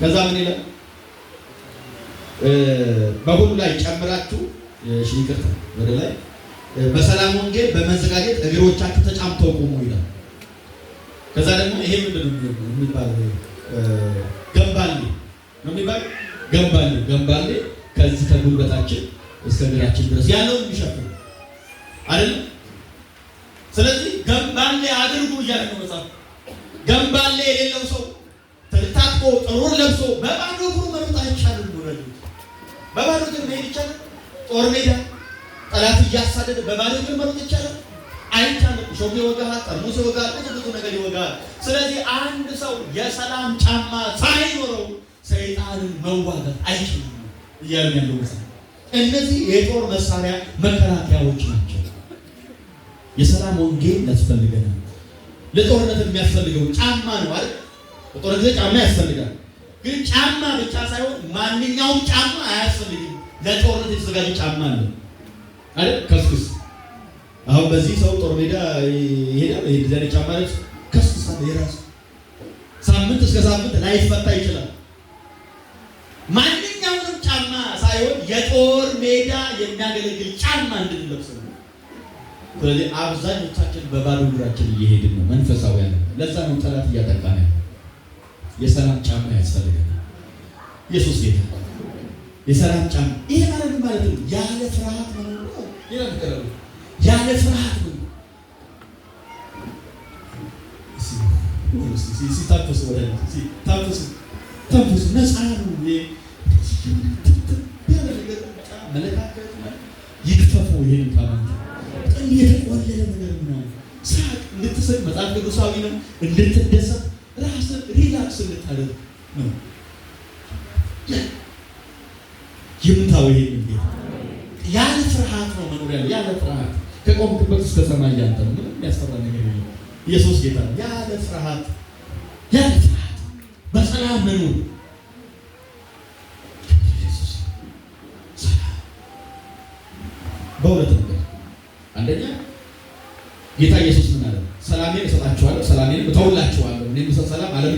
ከዛ ምን ይላል? በሁሉ ላይ ጨምራችሁ ሽንክርት ወደ ላይ በሰላም ወንጌል በመዘጋጀት እግሮቻችሁ ተጫምተው ቆሙ ይላል። ከዛ ደግሞ ይሄ ምንድን ነው የሚባል ገንባሌ ነው የሚባል ገንባሌ ገንባሌ ከዚህ ከጉልበታችን እስከ እግራችን ድረስ ያለው የሚሸፍነው አይደለም። ስለዚህ ገንባሌ አድርጉ እያለ ነው መጽሐፍ። ገንባሌ የሌለው ሰው ጥሩን ለብሶ በባዶ እግሩ መሮጥ አይቻልም። ውረዱ። በባዶ እግር መሄድ ይቻላል? ጦር ሜዳ ጠላት እያሳደደ በባዶ እግር መሮጥ ይቻላል? አይቻልም። ሾም ይወጋሃል፣ ጠርሙስ ይወጋሃል፣ ብዙ ብዙ ነገር ይወጋሃል። ስለዚህ አንድ ሰው የሰላም ጫማ ሳይኖረው ሰይጣንን መዋጋት አይችልም እያሉ ያለው እነዚህ የጦር መሳሪያ መከላከያዎች ናቸው። የሰላም ወንጌል ያስፈልገናል። ለጦርነት የሚያስፈልገው ጫማ ነው አይደል? በጦር ጊዜ ጫማ ያስፈልጋል። ግን ጫማ ብቻ ሳይሆን ማንኛውም ጫማ አያስፈልግም። ለጦርነት የተዘጋጀ ጫማ አለ አይደል? ከስኩስ አሁን በዚህ ሰው ጦር ሜዳ ይሄዳል። ይሄ ዲዛይን ጫማ ልብስ ከስኩስ አለ የራሱ ሳምንት እስከ ሳምንት ላይፈታ ይችላል። ማንኛውንም ጫማ ሳይሆን የጦር ሜዳ የሚያገለግል ጫማ እንድንለብስ ነው። ስለዚህ አብዛኞቻችን በባዶ እግራችን እየሄድን ነው። መንፈሳዊ ያለ ለዛ ነው ጠላት እያጠቃ ነው። የሰላም ጫማ ያስፈልጋል። ኢየሱስ ጌታ የሰላም ጫማ ይሄ ማለት ማለት ነው። ያለ ፍርሃት ነው ያለ ፍርሃት ነው ሲታፈሱ ወደ ሲታፈሱ ተንፍሱ ነፃ ነው መለካከት ይክፈፈው ይሄን ከማንተ የተቆለለ ነገር ምናምን ሳቅ እንድትስቅ መጽሐፍ ቅዱሳዊ ነው እንድትደሰት ነው። ይምታው ይሄን ጌታ ያለ ፍርሃት ነው መኖር ያለ ያለ ፍርሃት ከቆምክበት እስከ ሰማይ ያንተ ነው። ምንም የሚያስፈራ ነገር የለም። ኢየሱስ ጌታ ነው። ያለ ፍርሃት ያለ ፍርሃት በሰላም መኖር በሁለት ነገር አንደኛ ጌታ ኢየሱስ ምን አለ? ሰላሜን እሰጣችኋለሁ፣ ሰላሜን እተውላችኋለሁ። እኔ ሰላም አለም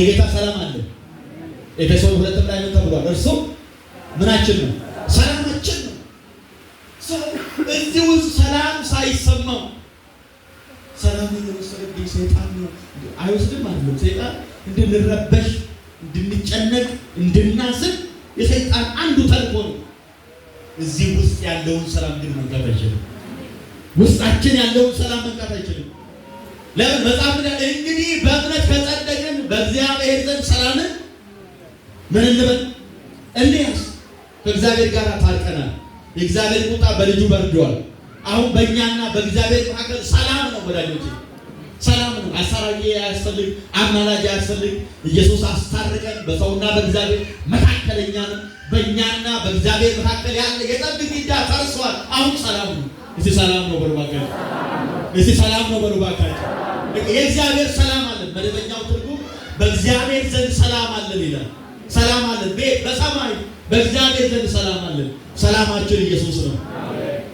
አሁን የጌታ ሰላም አለ። ኤፌሶን ሁለት ላይ ምን ተብሏል? እርሱ ምናችን ነው? ሰላማችን ነው። እዚህ ውስጥ ሰላም ሳይሰማው ሰላም የወሰደብኝ ሰይጣን ነው አይወስድም አይደለም። ሰይጣን እንድንረበሽ፣ እንድንጨነቅ፣ እንድናስብ የሰይጣን አንዱ ተልእኮ ነው። እዚህ ውስጥ ያለውን ሰላም ግን መንካት አይችልም። ውስጣችን ያለውን ሰላም መንካት አይችልም። ለምን? መጽሐፍ እንግዲህ በእምነት ከጸደቀ በእግዚአብሔር ዘንድ ሰላምን ምን እንበል እንያዝ። ከእግዚአብሔር ጋር ታርቀናል። የእግዚአብሔር ቁጣ በልጁ በርዷል። አሁን በእኛና በእግዚአብሔር መካከል ሰላም ነው። ወዳጆች ሰላም ነው። አሳራቂ አያስፈልግ፣ አማላጅ አያስፈልግ። ኢየሱስ አስታርቀን በሰውና በእግዚአብሔር መካከለኛ ነው። በእኛና በእግዚአብሔር መካከል ያለ የጠብ ግድግዳ ፈርሷል። አሁን ሰላም ነው። እስቲ ሰላም ነው በሉ እስቲ ሰላም ነው በሉ የእግዚአብሔር ሰላም አለ በእግዚአብሔር ዘንድ ሰላም አለን ይላል። ሰላም አለን በሰማይ በእግዚአብሔር ዘንድ ሰላም አለን። ሰላማችን ኢየሱስ ነው።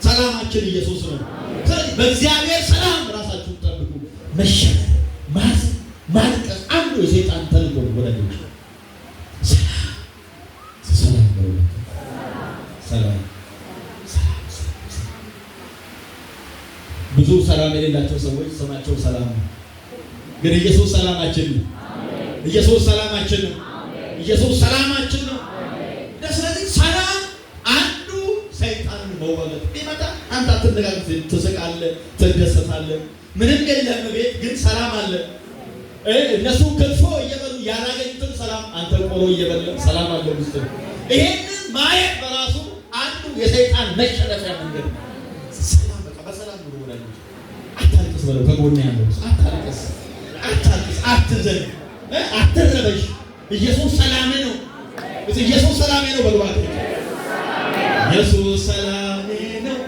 ሰላማችን ኢየሱስ ነው። በእግዚአብሔር ሰላም ራሳችሁን ጠብቁ። መሸነፍ፣ ማዝ ማልቀስ አንዱ የሰይጣን ተልእኮ ነው። ብዙ ሰላም የሌላቸው ሰዎች ስማቸው ሰላም ነው፣ ግን ኢየሱስ ሰላማችን ነው። ኢየሱስ ሰላማችን ነው። ኢየሱስ ሰላማችን ነው። ስለዚህ ሰላም አንዱ ሰይጣንን መዋጋት ቢመጣ አንተ አትነጋገር፣ ትስቃለህ፣ ትደሰታለህ፣ ምንም የለም ቤት ግን ሰላም አለ። እነሱ ክትፎ እየበሉ ያላገኙትን ሰላም አንተ ቆሎ እየበለ ሰላም አለ ውስጥ ይሄንን ማየት በራሱ አንዱ የሰይጣን መሸነፊያ መንገድ ሰላም በቃ በሰላም ነው። አታልቅስ በለው ከጎን ያለው አታልቅስ፣ አታልቅስ፣ አትዘን አትረበሽ። ኢየሱስ ሰላሜ ነው። ኢየሱስ ሰላሜ ነው። በግባት ኢየሱስ ሰላሜ ነው።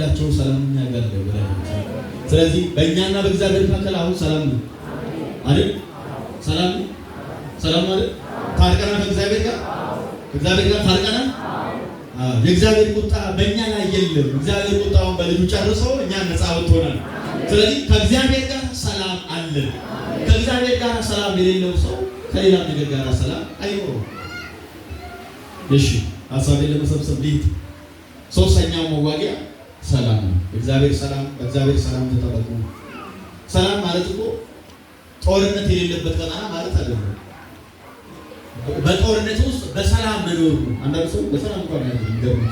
የሌላቸውን ሰላም እኛ ነው። ስለዚህ በእኛና በእግዚአብሔር መካከል አሁን ሰላም ነው አይደል? ሰላም ነው። ሰላም ማለት ታርቀናል። ከእግዚአብሔር ጋር ከእግዚአብሔር ጋር ታርቀናል። የእግዚአብሔር ቁጣ በእኛ ላይ የለም። እግዚአብሔር ቁጣውን በልጁ ጨርሰው እኛ ነፃ ወጥቶናል። ስለዚህ ከእግዚአብሔር ጋር ሰላም አለ። ከእግዚአብሔር ጋር ሰላም የሌለው ሰው ከሌላ ነገር ጋር ሰላም አይኖረውም። እሺ ሀሳቤን ለመሰብሰብ ልሂድ። ሶስተኛው መዋጊያ ሰላም ነው። እግዚአብሔር ሰላም እግዚአብሔር ሰላም ተጠበቁ። ሰላም ማለት እኮ ጦርነት የሌለበት ቀጠና ማለት አይደለም። በጦርነት ውስጥ በሰላም መኖሩ አንዳንድ ሰው በሰላም እንኳን ያለ ይገርም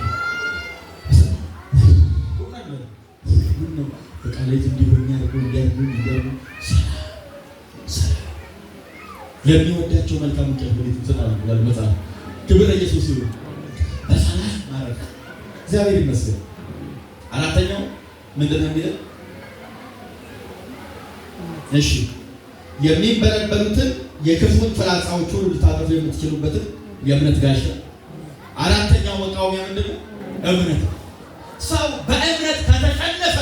በቃላት እንዲሆን ያርጉ እንዲያርጉ እንዲያርጉ ለሚወዳቸው መልካም እንቅልፍ ቤት ይሰጣል ብሏል መጽሐፍ። ክብር ኢየሱስ ይሁን። በሰላም ማረፍ እግዚአብሔር ይመስገን። ምንድን ነው የሚለው? እሺ የሚበረበሩትን የክፉን ፍላጻዎች ሁሉ ልታጠፉ የምትችሉበትን የእምነት ጋሻ። አራተኛው መቃወሚያ ምንድን ነው? እምነት። ሰው በእምነት ከተሸነፈ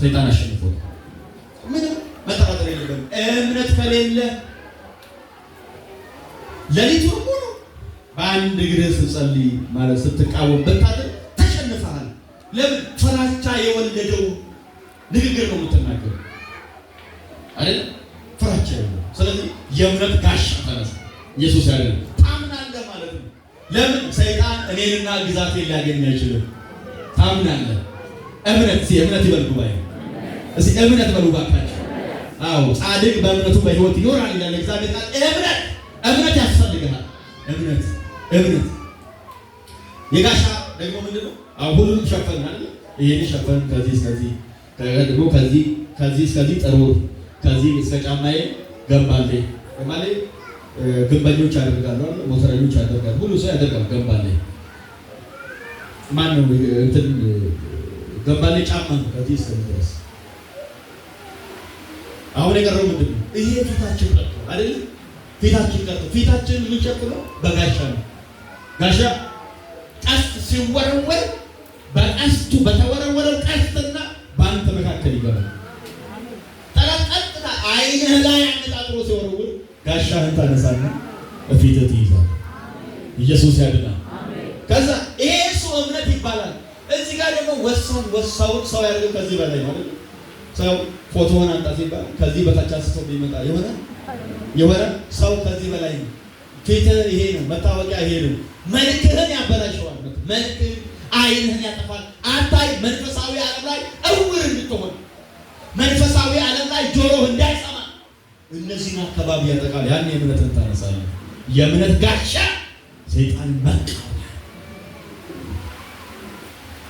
ሰይጣን አሸንፎ ምንም መጠራጠር የለብንም። እምነት ከሌለ ሌሊቱን ሙሉ በአንድ እግርህ ስትጸልይ ማለት ስትቃወም በታደ ለምን ፈራቻ የወለደው ንግግር ነው የምትናገረው አይደል? ፍራቻ የወለደው ስለዚህ የእምነት ጋሻ ተነሳ ኢየሱስ ያለ ታምናለህ ማለት ነው። ለምን ሰይጣን እኔንና ግዛቴን ሊያገኝ አይችልም። ታምናለህ እምነት ሲ እምነት ይበል ጉባኤ እስቲ እምነት በሉ ባካችሁ። አዎ ጻድቅ በእምነቱ በሕይወት ይኖራል ይላል እግዚአብሔር ቃል። እምነት እምነት ያስፈልግሃል። እምነት እምነት የጋሻ ደግሞ ምንድነው ሁሉንም ሸፈን አለ። ይህን ሸፈን ከዚህ እስከዚህ ደግሞ ከዚህ ከዚህ እስከዚህ ጥሩር ከዚህ እስከ ጫማዬ ገንባሌ ማለት ግንበኞች ያደርጋሉ፣ ሞተረኞች ያደርጋሉ፣ ሁሉ ሰው ያደርጋል። ገንባሌ ማን እንትን ገንባሌ ጫማ ነው። ከዚህ እስከዚህ ድረስ አሁን የቀረው ምንድን ነው? ይሄ ፊታችን ቀርቶ አይደለም ፊታችን ቀርቶ ፊታችን የሚጨፍነው በጋሻ ነው ጋሻ ሲወረወር በቀስቱ በተወረወረው ቀስትና በአንተ መካከል ይገባል። ጠላት ቀጥታ ዓይንህ ላይ አነጣጥሮ ሲወረውር ጋሻህን ታነሳና በፊትህ ትይዛለህ። ኢየሱስ ያድናል። ከዛ ይሄ እሱ እምነት ይባላል። እዚህ ጋር ደግሞ ወሳውን ወሳውን ሰው ያደርገው ከዚህ በላይ ማለት ሰው ፎቶውን አንጣ ሲባል ከዚህ በታች አስቶ ይመጣ የሆነ የሆነ ሰው ከዚህ በላይ ነው ፊትህ ይሄ ነው፣ መታወቂያ ይሄ ነው። መልክህን ያበላሸዋል። መልክህን አይንህን ያጠፋል። አታይ መንፈሳዊ ዓለም ላይ እውር እንድትሆን መንፈሳዊ ዓለም ላይ ጆሮህ እንዳይሰማ እነዚህን አካባቢ ያጠቃል። ያን የእምነትን ታነሳለህ። የእምነት ጋሻ ሰይጣን መቃ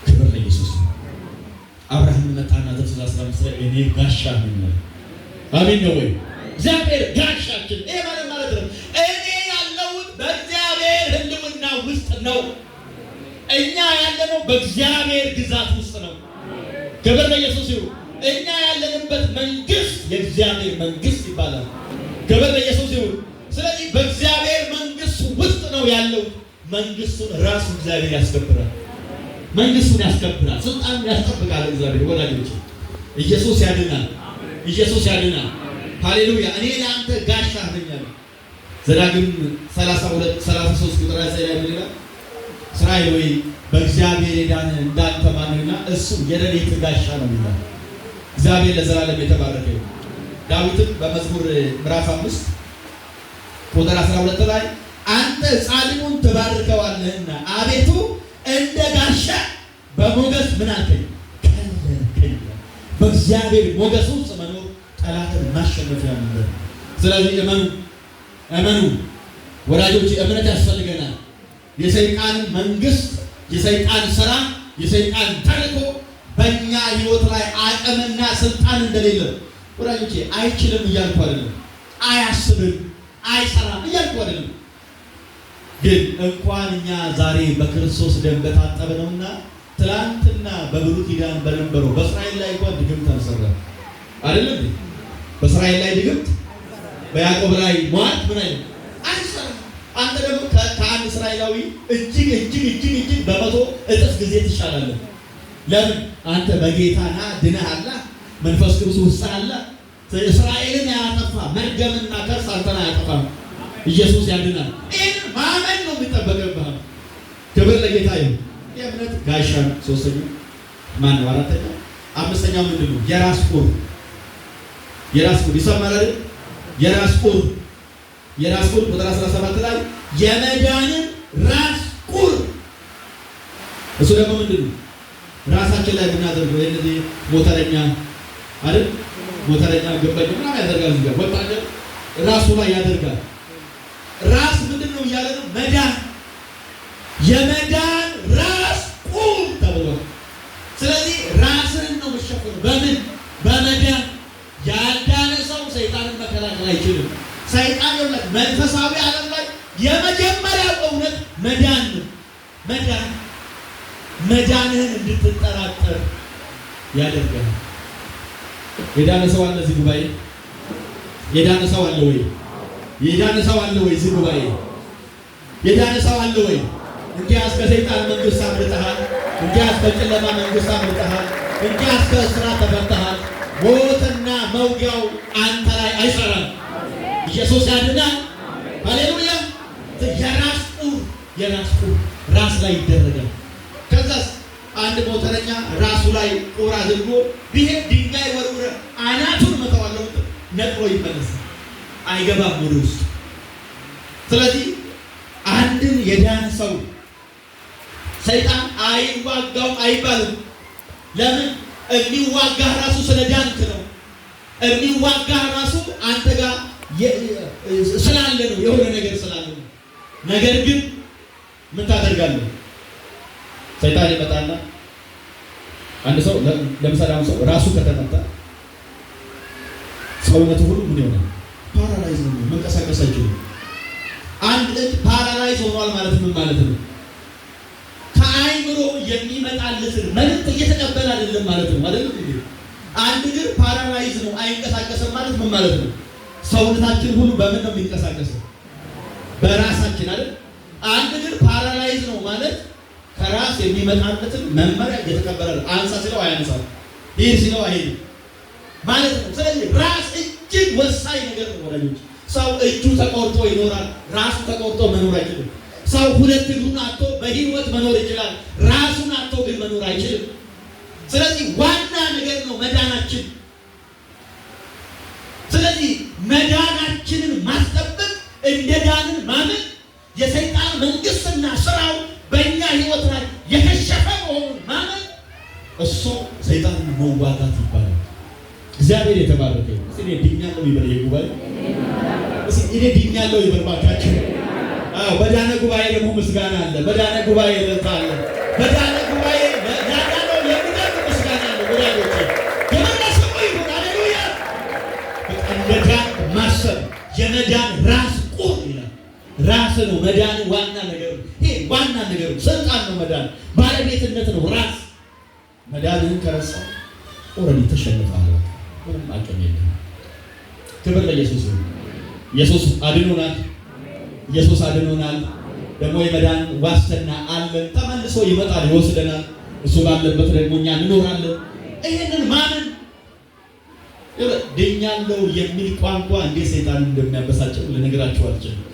ክብር ለኢየሱስ። አብርሃም መጣና ዘፍጥረት አስራ አምስት ላይ እኔ ጋሻ ነኝ። አሜን ነው ወይ? እግዚአብሔር ጋሻችን ይሄ ማለት ማለት ነው። ነው። እኛ ያለነው በእግዚአብሔር ግዛት ውስጥ ነው። ክብር ለኢየሱስ ይሁን። እኛ ያለንበት መንግስት የእግዚአብሔር መንግስት ይባላል። ክብር ለኢየሱስ ይሁን። ስለዚህ በእግዚአብሔር መንግስት ውስጥ ነው ያለው። መንግስቱን ራሱ እግዚአብሔር ያስከብራል። መንግስቱን ያስከብራል። ስልጣኑን ያስጠብቃል እግዚአብሔር። ወዳጆች ኢየሱስ ያድናል። ኢየሱስ ያድናል። ሃሌሉያ። እኔ ለአንተ ጋሻ ነኝ። ዘዳግም 32 33 ቁጥር ላይ እስራኤል ወይ በእግዚአብሔር የዳነ እንዳንተ እሱ የረድኤት ጋሻ ነው ይላል። እግዚአብሔር ለዘላለም የተባረከ ይሁን። ዳዊትም በመዝሙር ምዕራፍ አምስት ቁጥር 12 ላይ አንተ ጻድቁን ትባርከዋለህና አቤቱ እንደ ጋሻ በሞገስ ምን አልከኝ በእግዚአብሔር ሞገስ ውስጥ መኖር ጠላትን ማሸነፊያ ነበር። ስለዚህ እመኑ እመኑ ወዳጆች፣ እምነት ያስፈልጋል። የሰይጣን መንግስት፣ የሰይጣን ስራ፣ የሰይጣን ተልእኮ በእኛ ህይወት ላይ አቅምና ስልጣን እንደሌለ ወዳጆቼ አይችልም እያልኩ አይደለም። አያስብም፣ አይሰራም እያልኩ አይደለም። ግን እንኳን እኛ ዛሬ በክርስቶስ ደም በታጠበ ነውና ትላንትና በብሉይ ኪዳን በነበረው በእስራኤል ላይ እንኳን ድግምት አልሰራም። አይደለም በእስራኤል ላይ ድግምት፣ በያዕቆብ ላይ ሟት ምን አይነት አይሰራም። አንተ ደግሞ ከአንድ እስራኤላዊ እጅግ እጅግ እጅግ እጅግ በመቶ እጥፍ ጊዜ ትሻላለህ። ለምን? አንተ በጌታና አለ መንፈስ ቅዱስ ውስጥ አለ። እስራኤልን ያጠፋ መርገምና ከርስ አንተን አያጠፋም። ኢየሱስ ያድናል። ይህን ማመን ነው የሚጠበቅብህ። ክብር ለጌታ ይሁን። የእምነት ጋሻ ሶስተኛ ማን ነው? አራተኛ አምስተኛው ምንድን ነው? የራስ ቁር የራስ ቁር ይሰማል። የራስ ቁር የራስ ቁር ቁጥር 17 ላይ የመዳንን ራስ ቁር እሱ ደግሞ ምንድን ነው? ራሳችን ላይ ብናደርገው የነዚህ ሞተረኛ አይደል ሞተረኛ ገባኝ ምናምን ያደርጋል እዚህ ጋር ወጣጀ ራሱ ላይ ያደርጋል። ራስ ምንድን ነው እያለ ነው መዳን የመዳን ራስ ቁር ተብሏል። ስለዚህ ራስን ነው መሸፈኑ በምን በመዳን ያዳነ ሰው ሰይጣንን መከላከል አይችልም። ሰይጣን የለም። መንፈሳዊ ዓለም ላይ የመጀመሪያ እውነት መዳን ነው። መዳን መዳንህን እንድትጠራጠር ያደርጋል። የዳነ ሰው አለ እዚህ ጉባኤ? የዳነ ሰው አለ ወይ? የዳነ ሰው አለ ወይ እዚህ ጉባኤ? የዳነ ሰው አለ ወይ? ከሰይጣን መንግስት አምልጠሃል። ከጨለማ መንግስት አምልጠሃል። ከእስራት ተፈተሃል። ኢየሱስ ያድናል። ሃሌሉያ። የራስ ቁር የራስ ቁር ራስ ላይ ይደረጋል። ከዛስ አንድ ሞተረኛ ራሱ ላይ ቁር አድርጎ ቢሄድ ድንጋይ ወርውረ አናቱን መተዋለው ነጥሮ ይመለሳል። አይገባም ወደ ውስጥ። ስለዚህ አንድን የዳን ሰው ሰይጣን አይዋጋውም አይባልም። ለምን? የሚዋጋ ራሱ ስለ ዳንክ ነው። የሚዋጋ ራሱ አንተ ጋር ስላለ ነው፣ የሆነ ነገር ስላለ ነው። ነገር ግን ምን ታደርጋለህ? ሰይጣን ይመጣና አንድ ሰው ለምሳሌ አሁን ሰው ራሱ ከተመታ ሰውነቱ ሁሉ ምን ይሆናል? ፓራላይዝ ነው፣ መንቀሳቀስ አይችልም። አንድ እጅ ፓራላይዝ ሆኗል ማለት ምን ማለት ነው? ከአይምሮ የሚመጣለትን መልዕክት እየተቀበል አይደለም ማለት ነው። አይደለም አንድ እግር ፓራላይዝ ነው፣ አይንቀሳቀስም ማለት ምን ማለት ነው? ሰውነታችን ሁሉ በምን ነው የሚንቀሳቀሰው? በራሳችን አይደል? አንድ ግን ፓራላይዝ ነው ማለት ከራስ የሚመጣበትን መመሪያ እየተቀበለ ነው። አንሳ ሲለው አያንሳው፣ ይህ ሲለው አይሄድም ማለት ነው። ስለዚህ ራስ እጅግ ወሳኝ ነገር ነው ወዳጆች። ሰው እጁ ተቆርጦ ይኖራል፣ ራሱ ተቆርጦ መኖር አይችልም። ሰው ሁለት እግሩን አቶ በህይወት መኖር ይችላል፣ ራሱን አቶ ግን መኖር አይችልም። ስለዚህ ዋና ነገር ነው መዳናችን። ስለዚህ መዳናችንን ማስጠበቅ እንደ ዳንን ማመን የሰይጣን መንግስትና ስራው በእኛ ህይወት ላይ የከሸፈ መሆኑን ማመን እሱ ሰይጣንን መዋጋት ይባላል። እግዚአብሔር የተባረከ እኔ ድኛለሁ ይበል የጉባኤ እኔ ድኛለሁ ይበል ባካቸው። በዳነ ጉባኤ ደግሞ ምስጋና አለ። በዳነ ጉባኤ ለታ በዳነ የመዳን ራስ ቁም ይላል። ራስ ነው መዳን ዋና ነገር፣ ይሄ ዋና ነገር ስልጣን ነው መዳን፣ ባለቤትነት ነው ራስ። መዳንህን ከረሳ ኦልሬዲ ተሸንፈሃል። ምንም አቅም የለም። ክብር ለኢየሱስ። ኢየሱስ አድኖናል። ኢየሱስ አድኖናል። ደግሞ የመዳን ዋስትና አለን። ተመልሶ ይመጣል፣ ይወስደናል። እሱ ባለበት ደግሞ እኛ እንኖራለን። ይሄንን ማንን ድኛለሁ የሚል ቋንቋ እንዴት ሰይጣን እንደሚያበሳጨው ልነግራችሁ አልችልም።